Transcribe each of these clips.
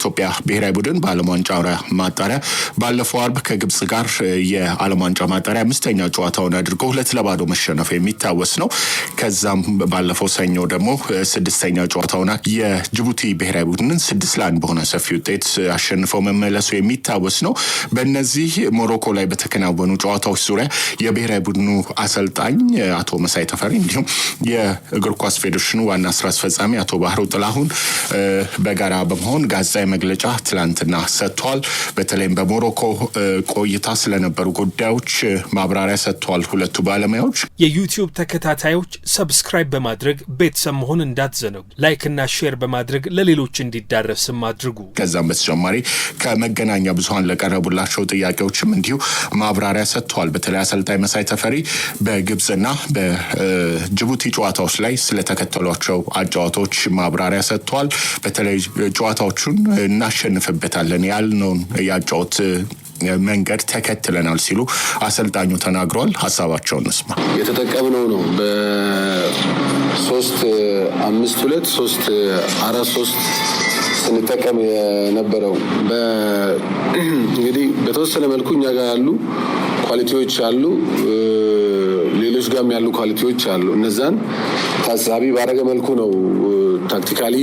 የኢትዮጵያ ብሔራዊ ቡድን በዓለም ዋንጫ ማጣሪያ ባለፈው አርብ ከግብጽ ጋር የዓለም ዋንጫ ማጣሪያ አምስተኛ ጨዋታውን አድርጎ ሁለት ለባዶ መሸነፍ የሚታወስ ነው። ከዛም ባለፈው ሰኞ ደግሞ ስድስተኛ ጨዋታውና የጅቡቲ ብሔራዊ ቡድንን ስድስት ለአንድ በሆነ ሰፊ ውጤት አሸንፈው መመለሱ የሚታወስ ነው። በእነዚህ ሞሮኮ ላይ በተከናወኑ ጨዋታዎች ዙሪያ የብሔራዊ ቡድኑ አሰልጣኝ አቶ መሳይ ተፈሪ እንዲሁም የእግር ኳስ ፌዴሬሽኑ ዋና ስራ አስፈጻሚ አቶ ባህሩ ጥላሁን በጋራ በመሆን ጋዜጣዊ መግለጫ ትላንትና ሰጥቷል። በተለይም በሞሮኮ ቆይታ ስለነበሩ ጉዳዮች ማብራሪያ ሰጥቷል። ሁለቱ ባለሙያዎች። የዩቲዩብ ተከታታዮች ሰብስክራይብ በማድረግ ቤተሰብ መሆን እንዳትዘነጉ፣ ላይክና ሼር በማድረግ ለሌሎች እንዲዳረስም አድርጉ። ከዛም በተጨማሪ ከመገናኛ ብዙሀን ለቀረቡላቸው ጥያቄዎችም እንዲሁ ማብራሪያ ሰጥተዋል። በተለይ አሰልጣኝ መሳይ ተፈሪ በግብጽና በጅቡቲ ጨዋታዎች ላይ ስለተከተሏቸው አጫዋቶች ማብራሪያ ሰጥተዋል። በተለይ ጨዋታዎቹን እናሸንፍበታለን ያልነውን ያጫወት መንገድ ተከትለናል ሲሉ አሰልጣኙ ተናግሯል። ሀሳባቸውን እንስማ። የተጠቀምነው ነው በሶስት አምስት ሁለት ሶስት አራት ሶስት ስንጠቀም የነበረው እንግዲህ በተወሰነ መልኩ እኛ ጋር ያሉ ኳሊቲዎች አሉ ጋርም ያሉ ኳሊቲዎች አሉ። እነዛን ታሳቢ ባረገ መልኩ ነው ታክቲካሊ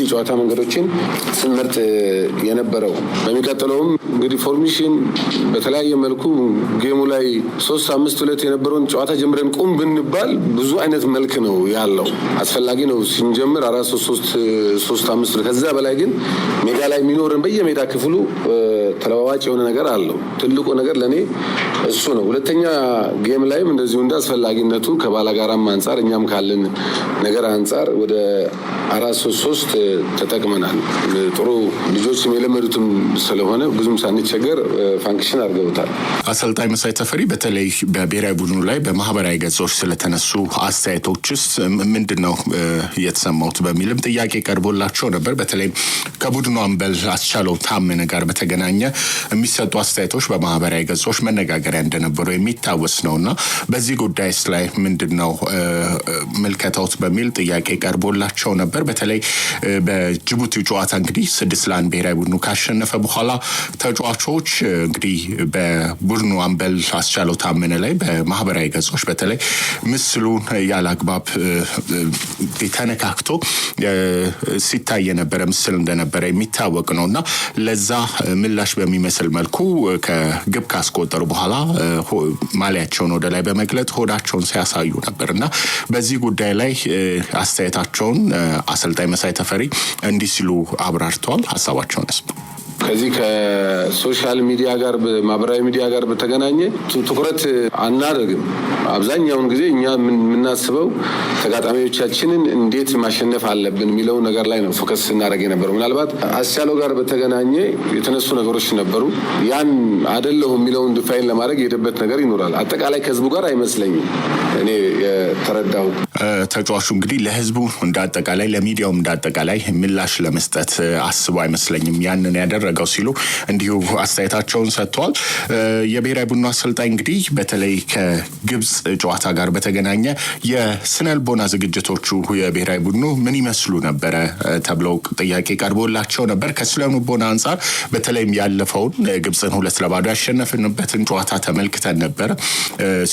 የጨዋታ መንገዶችን ስንመርጥ የነበረው። በሚቀጥለውም እንግዲህ ፎርሜሽን በተለያየ መልኩ ጌሙ ላይ ሶስት አምስት ሁለት የነበረውን ጨዋታ ጀምረን ቁም ብንባል ብዙ አይነት መልክ ነው ያለው። አስፈላጊ ነው ስንጀምር አራት ሶስት ሶስት አምስት ከዛ በላይ ግን ሜዳ ላይ የሚኖርን በየሜዳ ክፍሉ ተለዋዋጭ የሆነ ነገር አለው። ትልቁ ነገር ለእኔ እሱ ነው። ሁለተኛ ጌም ላይም እንደዚሁ እንደ አስፈላጊነቱ ከባላጋራም አንጻር እኛም ካለን ነገር አንጻር ወደ አራት ሶስት ሶስት ተጠቅመናል። ጥሩ ልጆችም የለመዱትም ስለሆነ ብዙም ሳንቸገር ፋንክሽን አድርገውታል። አሰልጣኝ መሳይ ተፈሪ በተለይ በብሔራዊ ቡድኑ ላይ በማህበራዊ ገጾች ስለተነሱ አስተያየቶችስ ምንድን ነው የተሰማሁት በሚልም ጥያቄ ቀርቦላቸው ነበር። በተለይ ከቡድኑ አምበል አስቻለው ታመነ ጋር በተገናኘ የሚሰጡ አስተያየቶች በማህበራዊ ገጾች መነጋገሪያ እንደነበሩ የሚታወስ ነውና በዚህ ጉዳይ ጉዳይስ ላይ ምንድን ነው ምልከታውት በሚል ጥያቄ ቀርቦላቸው ነበር። በተለይ በጅቡቲ ጨዋታ እንግዲህ ስድስት ለአንድ ብሔራዊ ቡድኑ ካሸነፈ በኋላ ተጫዋቾች እንግዲህ በቡድኑ አምበል አስቻለው ታመነ ላይ በማህበራዊ ገጾች በተለይ ምስሉን ያለ አግባብ ተነካክቶ ሲታይ የነበረ ምስል እንደነበረ የሚታወቅ ነው እና ለዛ ምላሽ በሚመስል መልኩ ከግብ ካስቆጠሩ በኋላ ማሊያቸውን ወደ ላይ በመግለጥ ሆዳ መውረዳቸውን ሲያሳዩ ነበር እና በዚህ ጉዳይ ላይ አስተያየታቸውን አሰልጣኝ መሳይ ተፈሪ እንዲህ ሲሉ አብራርተዋል። ሀሳባቸውን ከዚህ ከሶሻል ሚዲያ ጋር ማህበራዊ ሚዲያ ጋር በተገናኘ ትኩረት አናደርግም። አብዛኛውን ጊዜ እኛ የምናስበው ተጋጣሚዎቻችንን እንዴት ማሸነፍ አለብን የሚለው ነገር ላይ ነው ፎከስ ስናደርግ የነበረው። ምናልባት አስቻለው ጋር በተገናኘ የተነሱ ነገሮች ነበሩ። ያን አደለሁ የሚለውን ድፋይን ለማድረግ የሄደበት ነገር ይኖራል። አጠቃላይ ከህዝቡ ጋር አይመስለኝም እኔ የተረዳሁት። ተጫዋቹ እንግዲህ ለህዝቡ እንዳጠቃላይ ለሚዲያውም እንዳጠቃላይ ምላሽ ለመስጠት አስቦ አይመስለኝም ያንን ያደረገው ሲሉ እንዲሁ አስተያየታቸውን ሰጥተዋል። የብሔራዊ ቡድኑ አሰልጣኝ እንግዲህ በተለይ ከግብጽ ጨዋታ ጋር በተገናኘ የስነልቦና ዝግጅቶቹ የብሔራዊ ቡድኑ ምን ይመስሉ ነበረ ተብለው ጥያቄ ቀርቦላቸው ነበር። ከስነልቦና አንጻር በተለይም ያለፈውን ግብፅን ሁለት ለባዶ ያሸነፍንበትን ጨዋታ ተመልክተን ነበር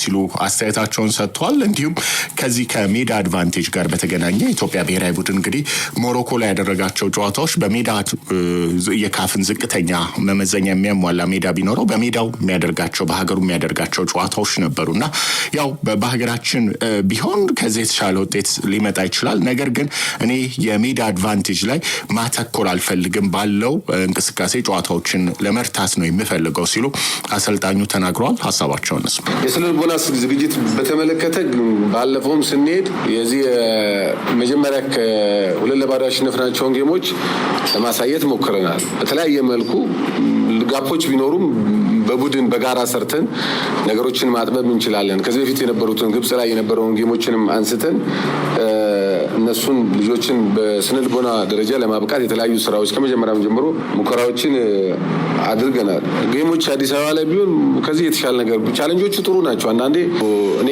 ሲሉ አስተያየታቸውን ሰጥተዋል። እንዲሁም ከዚህ ከሚ ከሜዳ አድቫንቴጅ ጋር በተገናኘ ኢትዮጵያ ብሔራዊ ቡድን እንግዲህ ሞሮኮ ላይ ያደረጋቸው ጨዋታዎች በሜዳ የካፍን ዝቅተኛ መመዘኛ የሚያሟላ ሜዳ ቢኖረው በሜዳው የሚያደርጋቸው በሀገሩ የሚያደርጋቸው ጨዋታዎች ነበሩ እና ያው በሀገራችን ቢሆን ከዚህ የተሻለ ውጤት ሊመጣ ይችላል። ነገር ግን እኔ የሜዳ አድቫንቴጅ ላይ ማተኮር አልፈልግም፣ ባለው እንቅስቃሴ ጨዋታዎችን ለመርታት ነው የምፈልገው ሲሉ አሰልጣኙ ተናግረዋል። ሀሳባቸውን የስነ ዝግጅት በተመለከተ ባለፈውም ስኔ ስንሄድ የዚህ መጀመሪያ ሁለት ለባዶ ያሸነፍናቸውን ጌሞች ለማሳየት ሞክረናል። በተለያየ መልኩ ጋፖች ቢኖሩም በቡድን በጋራ ሰርተን ነገሮችን ማጥበብ እንችላለን። ከዚህ በፊት የነበሩትን ግብጽ ላይ የነበረውን ጌሞችንም አንስተን እነሱን ልጆችን በስነልቦና ደረጃ ለማብቃት የተለያዩ ስራዎች ከመጀመሪያም ጀምሮ ሙከራዎችን አድርገናል። ጌሞች አዲስ አበባ ላይ ቢሆን ከዚህ የተሻለ ነገር ቻለንጆቹ ጥሩ ናቸው። አንዳንዴ እኔ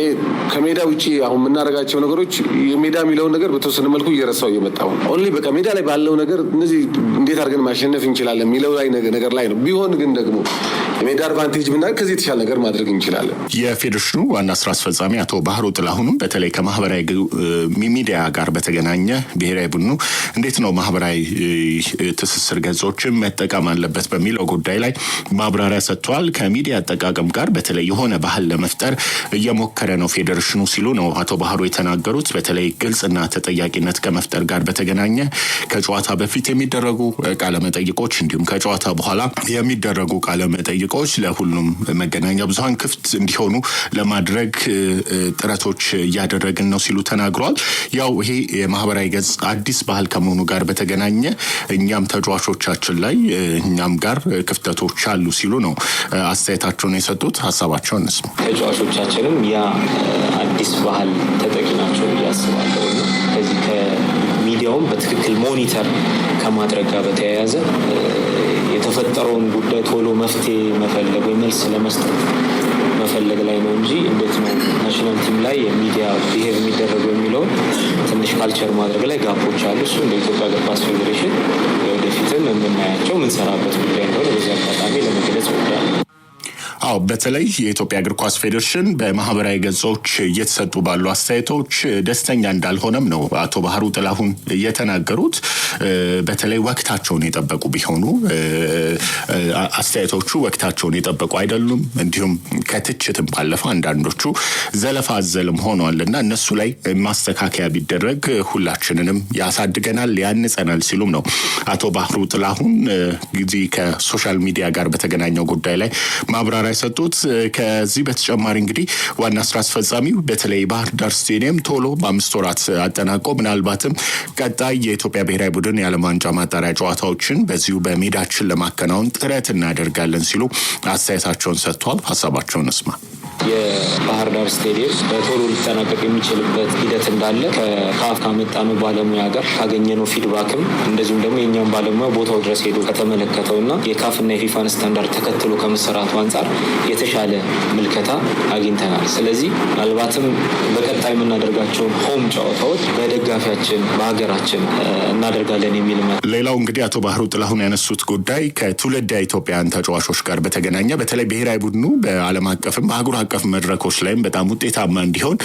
ከሜዳ ውጭ አሁን የምናደርጋቸው ነገሮች የሜዳ የሚለውን ነገር በተወሰነ መልኩ እየረሳው እየመጣሁ ነው። ኦንሊ በቃ ሜዳ ላይ ባለው ነገር እነዚህ እንዴት አድርገን ማሸነፍ እንችላለን የሚለው ላይ ነገር ላይ ነው። ቢሆን ግን ደግሞ የሜዳ አድቫንቴጅ ብና ከዚህ የተሻለ ነገር ማድረግ እንችላለን። የፌዴሬሽኑ ዋና ስራ አስፈጻሚ አቶ ባህሩ ጥላሁኑም በተለይ ከማህበራዊ ሚዲያ ጋር በተገናኘ ብሔራዊ ቡድኑ እንዴት ነው ማህበራዊ ትስስር ገጾችን መጠቀም አለበት በሚለው ጉዳይ ላይ ማብራሪያ ሰጥተዋል። ከሚዲያ አጠቃቀም ጋር በተለይ የሆነ ባህል ለመፍጠር እየሞከረ ነው ፌዴሬሽኑ ሲሉ ነው አቶ ባህሩ የተናገሩት። በተለይ ግልጽና ተጠያቂነት ከመፍጠር ጋር በተገናኘ ከጨዋታ በፊት የሚደረጉ ቃለመጠይቆች እንዲሁም ከጨዋታ በኋላ የሚደረጉ ቃለመጠይቆች ለሁሉም መገናኛ ብዙሀን ክፍት እንዲሆኑ ለማድረግ ጥረቶች እያደረግን ነው ሲሉ ተናግረዋል። ያው ይሄ የማህበራዊ ገጽ አዲስ ባህል ከመሆኑ ጋር በተገናኘ እኛም ተጫዋቾቻችን ላይ እኛም ጋር ክፍተቶች አሉ ሲሉ ነው አስተያየታቸውን የሰጡት። ሀሳባቸውን እንስማ። ተጫዋቾቻችንም ያ አዲስ ባህል ተጠቂ ናቸው ብዬ አስባለሁ። ከዚህ ከሚዲያውም በትክክል ሞኒተር ከማድረግ ጋር በተያያዘ የተፈጠረውን ጉዳይ ቶሎ መፍትሄ መፈለግ ወይ መልስ ለመስጠት መፈለግ ላይ ነው እንጂ እንዴት ነው ናሽናል ቲም ላይ የሚዲያ ብሄር የሚደረገው የሚለውን ትንሽ ካልቸር ማድረግ ላይ ጋቦች አሉ። እሱ እንደ ኢትዮጵያ እግር ኳስ ፌዴሬሽን ወደፊትም የምናያቸው ምንሰራበት ጉዳይ እንደሆነ በዚህ አጋጣሚ ለመግለጽ ወዳለ አዎ በተለይ የኢትዮጵያ እግር ኳስ ፌዴሬሽን በማህበራዊ ገጾች እየተሰጡ ባሉ አስተያየቶች ደስተኛ እንዳልሆነም ነው አቶ ባህሩ ጥላሁን እየተናገሩት በተለይ ወቅታቸውን የጠበቁ ቢሆኑ አስተያየቶቹ ወቅታቸውን የጠበቁ አይደሉም። እንዲሁም ከትችትም ባለፈ አንዳንዶቹ ዘለፋ አዘልም እና እነሱ ላይ ማስተካከያ ቢደረግ ሁላችንንም ያሳድገናል፣ ያንጸናል ሲሉም ነው አቶ ባህሩ ጥላሁን ከሶሻል ሚዲያ ጋር በተገናኘው ጉዳይ ላይ ማብራሪያ የሰጡት። ከዚህ በተጨማሪ እንግዲህ ዋና ስራ አስፈጻሚው በተለይ ባህር ዳር ስቴዲየም ቶሎ በአምስት ወራት አጠናቆ ምናልባትም ቀጣይ የኢትዮጵያ ብሔራዊ ቡድን የዓለም ዋንጫ ማጣሪያ ጨዋታዎችን በዚሁ በሜዳችን ለማከናወን ጥረት እናደርጋለን ሲሉ አስተያየታቸውን ሰጥቷል። ሀሳባቸውን እስማ የባህር ዳር ስቴዲየም በቶሎ ሊጠናቀቅ የሚችልበት ሂደት እንዳለ ከካፍ ካመጣነው ባለሙያ ጋር ካገኘነው ፊድባክም እንደዚሁም ደግሞ የእኛም ባለሙያ ቦታው ድረስ ሄዶ ከተመለከተው እና የካፍና የፊፋን ስታንዳርድ ተከትሎ ከመሰራቱ አንጻር የተሻለ ምልከታ አግኝተናል። ስለዚህ ምናልባትም በቀጣይ የምናደርጋቸውን ሆም ጨዋታዎች በደጋፊያችን በሀገራችን እናደርጋለን የሚል ሌላው እንግዲህ አቶ ባህሩ ጥላሁን ያነሱት ጉዳይ ከትውልደ ኢትዮጵያውያን ተጫዋቾች ጋር በተገናኘ በተለይ ብሔራዊ ቡድኑ በዓለም አቀፍም በአህጉር አቀፍ መድረኮች ላይም በጣም ውጤታማ እንዲሆን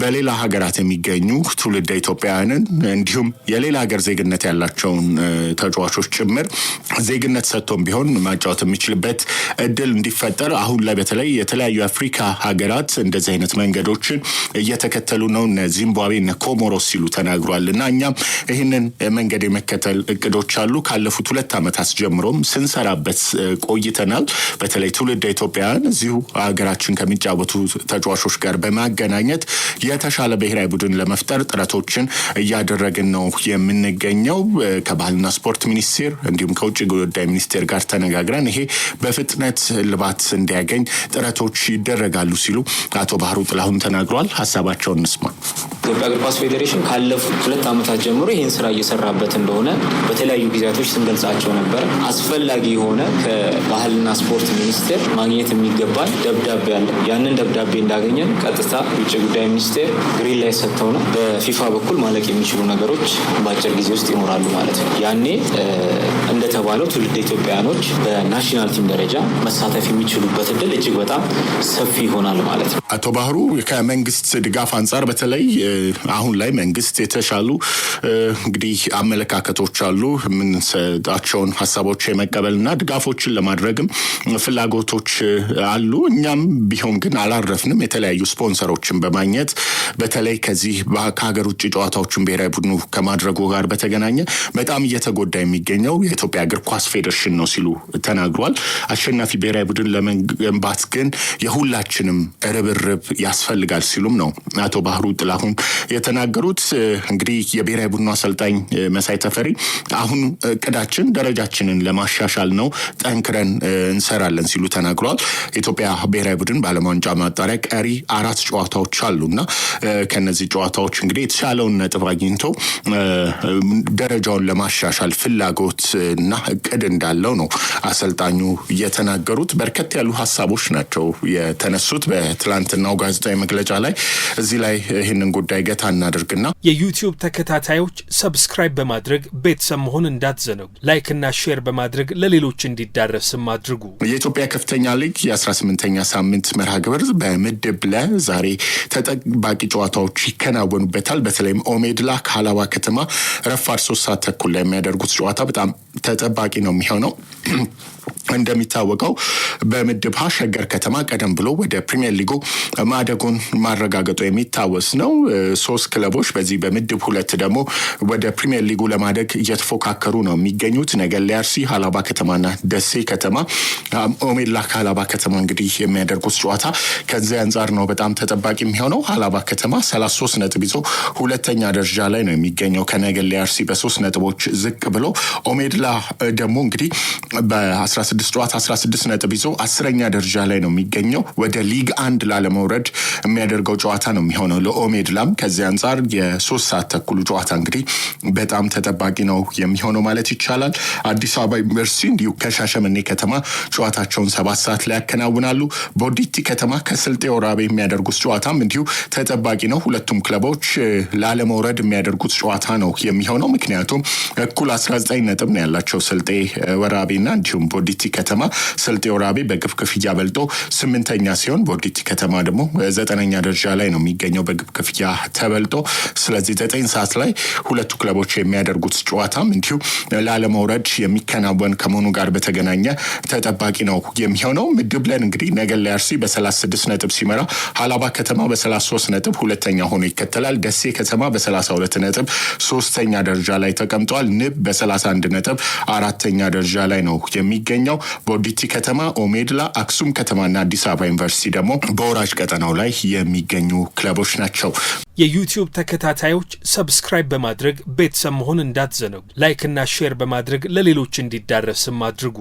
በሌላ ሀገራት የሚገኙ ትውልደ ኢትዮጵያውያንን እንዲሁም የሌላ ሀገር ዜግነት ያላቸውን ተጫዋቾች ጭምር ዜግነት ሰጥቶም ቢሆን ማጫወት የሚችልበት እድል እንዲፈጠር አሁን ላይ በተለይ የተለያዩ የአፍሪካ ሀገራት እንደዚህ አይነት መንገዶችን እየተከተሉ ነው። እነ ዚምባብዌ፣ እነ ኮሞሮስ ሲሉ ተናግሯል። እና እኛም ይህንን መንገድ የመከተል እቅዶች አሉ። ካለፉት ሁለት ዓመታት ጀምሮም ስንሰራበት ቆይተናል። በተለይ ትውልደ ኢትዮጵያውያን እዚሁ ሀገራችን ከሚጫ ከሚጫወቱ ተጫዋቾች ጋር በማገናኘት የተሻለ ብሔራዊ ቡድን ለመፍጠር ጥረቶችን እያደረግን ነው የምንገኘው። ከባህልና ስፖርት ሚኒስቴር እንዲሁም ከውጭ ጉዳይ ሚኒስቴር ጋር ተነጋግረን ይሄ በፍጥነት ልባት እንዲያገኝ ጥረቶች ይደረጋሉ ሲሉ አቶ ባህሩ ጥላሁን ተናግረዋል። ሀሳባቸውን እንስማ። ኢትዮጵያ እግር ኳስ ፌዴሬሽን ካለፉት ሁለት ዓመታት ጀምሮ ይህን ስራ እየሰራበት እንደሆነ በተለያዩ ጊዜያቶች ስንገልጻቸው ነበር። አስፈላጊ የሆነ ከባህልና ስፖርት ሚኒስቴር ማግኘት የሚገባል ደብዳቤ አለ። ያንን ደብዳቤ እንዳገኘን ቀጥታ ውጭ ጉዳይ ሚኒስቴር ግሪን ላይ ሰጥተው ነው በፊፋ በኩል ማለቅ የሚችሉ ነገሮች በአጭር ጊዜ ውስጥ ይኖራሉ ማለት ነው። ያኔ እንደተባለው ትውልድ ኢትዮጵያውያኖች በናሽናል ቲም ደረጃ መሳተፍ የሚችሉበት እድል እጅግ በጣም ሰፊ ይሆናል ማለት ነው። አቶ ባህሩ ከመንግስት ድጋፍ አንጻር በተለይ አሁን ላይ መንግስት የተሻሉ እንግዲህ አመለካከቶች አሉ የምንሰጣቸውን ሀሳቦች የመቀበልና ድጋፎችን ለማድረግም ፍላጎቶች አሉ። እኛም ቢሆን ግን አላረፍንም። የተለያዩ ስፖንሰሮችን በማግኘት በተለይ ከዚህ ከሀገር ውጭ ጨዋታዎችን ብሔራዊ ቡድኑ ከማድረጉ ጋር በተገናኘ በጣም እየተጎዳ የሚገኘው የኢትዮጵያ እግር ኳስ ፌዴሬሽን ነው ሲሉ ተናግሯል። አሸናፊ ብሔራዊ ቡድን ለመገንባት ግን የሁላችንም ርብርብ ያስፈልጋል ሲሉም ነው አቶ ባህሩ ጥላሁን የተናገሩት። እንግዲህ የብሔራዊ ቡድኑ አሰልጣኝ መሳይ ተፈሪ አሁን እቅዳችን ደረጃችንን ለማሻሻል ነው፣ ጠንክረን እንሰራለን ሲሉ ተናግረዋል። ኢትዮጵያ ብሔራዊ ቡድን ባለማ ዋንጫ ማጣሪያ ቀሪ አራት ጨዋታዎች አሉና ከነዚህ ጨዋታዎች እንግዲህ የተሻለውን ነጥብ አግኝቶ ደረጃውን ለማሻሻል ፍላጎት እና እቅድ እንዳለው ነው አሰልጣኙ የተናገሩት። በርከት ያሉ ሀሳቦች ናቸው የተነሱት በትላንትናው ጋዜጣዊ መግለጫ ላይ። እዚህ ላይ ይህንን ጉዳይ ገታ እናድርግና የዩቲዩብ ተከታታዮች ሰብስክራይብ በማድረግ ቤተሰብ መሆን እንዳትዘነጉ፣ ላይክና ሼር በማድረግ ለሌሎች እንዲዳረስም አድርጉ። የኢትዮጵያ ከፍተኛ ሊግ የ18ኛ ሳምንት መርሃ ግብር በምድብ ለዛሬ ተጠባቂ ጨዋታዎች ይከናወኑበታል። በተለይም ኦሜድላ ከሀላባ ከተማ ረፋድ ሶስት ሰዓት ተኩል ላይ የሚያደርጉት ጨዋታ በጣም ተጠባቂ ነው የሚሆነው። እንደሚታወቀው በምድብ ሀ ሸገር ከተማ ቀደም ብሎ ወደ ፕሪሚየር ሊጉ ማደጉን ማረጋገጡ የሚታወስ ነው። ሶስት ክለቦች በዚህ በምድብ ሁለት ደግሞ ወደ ፕሪሚየር ሊጉ ለማደግ እየተፎካከሩ ነው የሚገኙት ነገሌ አርሲ፣ ሀላባ ከተማና ደሴ ከተማ። ኦሜላ ከሀላባ ከተማ እንግዲህ የሚያደርጉት ጨዋታ ከዚህ አንጻር ነው በጣም ተጠባቂ የሚሆነው። ሀላባ ከተማ ሰላሳ ሶስት ነጥብ ይዞ ሁለተኛ ደረጃ ላይ ነው የሚገኘው ከነገሌ አርሲ በሶስት ነጥቦች ዝቅ ብሎ ኦሜድላ ደግሞ እንግዲህ በ በ16 ጨዋታ 16 ነጥብ ይዞ አስረኛ ደረጃ ላይ ነው የሚገኘው። ወደ ሊግ አንድ ላለመውረድ የሚያደርገው ጨዋታ ነው የሚሆነው ለኦሜድላም። ከዚህ አንጻር የሶስት ሰዓት ተኩሉ ጨዋታ እንግዲህ በጣም ተጠባቂ ነው የሚሆነው ማለት ይቻላል። አዲስ አበባ ዩኒቨርሲቲ እንዲሁ ከሻሸመኔ ከተማ ጨዋታቸውን ሰባት ሰዓት ላይ ያከናውናሉ። ቦዲቲ ከተማ ከስልጤ ወራቤ የሚያደርጉት ጨዋታም እንዲሁ ተጠባቂ ነው። ሁለቱም ክለቦች ላለመውረድ የሚያደርጉት ጨዋታ ነው የሚሆነው ምክንያቱም እኩል 19 ነጥብ ነው ያላቸው ስልጤ ወራቤና እንዲሁም ቦዲቲ ወልዲቲ ከተማ ስልጤ ወራቤ በግብ ክፍያ በልጦ ስምንተኛ ሲሆን ወልዲቲ ከተማ ደግሞ ዘጠነኛ ደረጃ ላይ ነው የሚገኘው በግብ ክፍያ ተበልጦ። ስለዚህ ዘጠኝ ሰዓት ላይ ሁለቱ ክለቦች የሚያደርጉት ጨዋታም እንዲሁ ላለመውረድ የሚከናወን ከመሆኑ ጋር በተገናኘ ተጠባቂ ነው የሚሆነው። ምድብ ለን እንግዲህ ነገሌ አርሲ በ36 ነጥብ ሲመራ ሀላባ ከተማ በ33 ነጥብ ሁለተኛ ሆኖ ይከተላል። ደሴ ከተማ በ32 ነጥብ ሶስተኛ ደረጃ ላይ ተቀምጧል። ንብ በ31 ነጥብ አራተኛ ደረጃ ላይ ነው የሚገኘው። በአብዛኛው በወዲቲ ከተማ፣ ኦሜድላ፣ አክሱም ከተማና አዲስ አበባ ዩኒቨርሲቲ ደግሞ በወራጅ ቀጠናው ላይ የሚገኙ ክለቦች ናቸው። የዩቲዩብ ተከታታዮች ሰብስክራይብ በማድረግ ቤተሰብ መሆን እንዳትዘነጉ። ላይክና ሼር በማድረግ ለሌሎች እንዲዳረስም አድርጉ።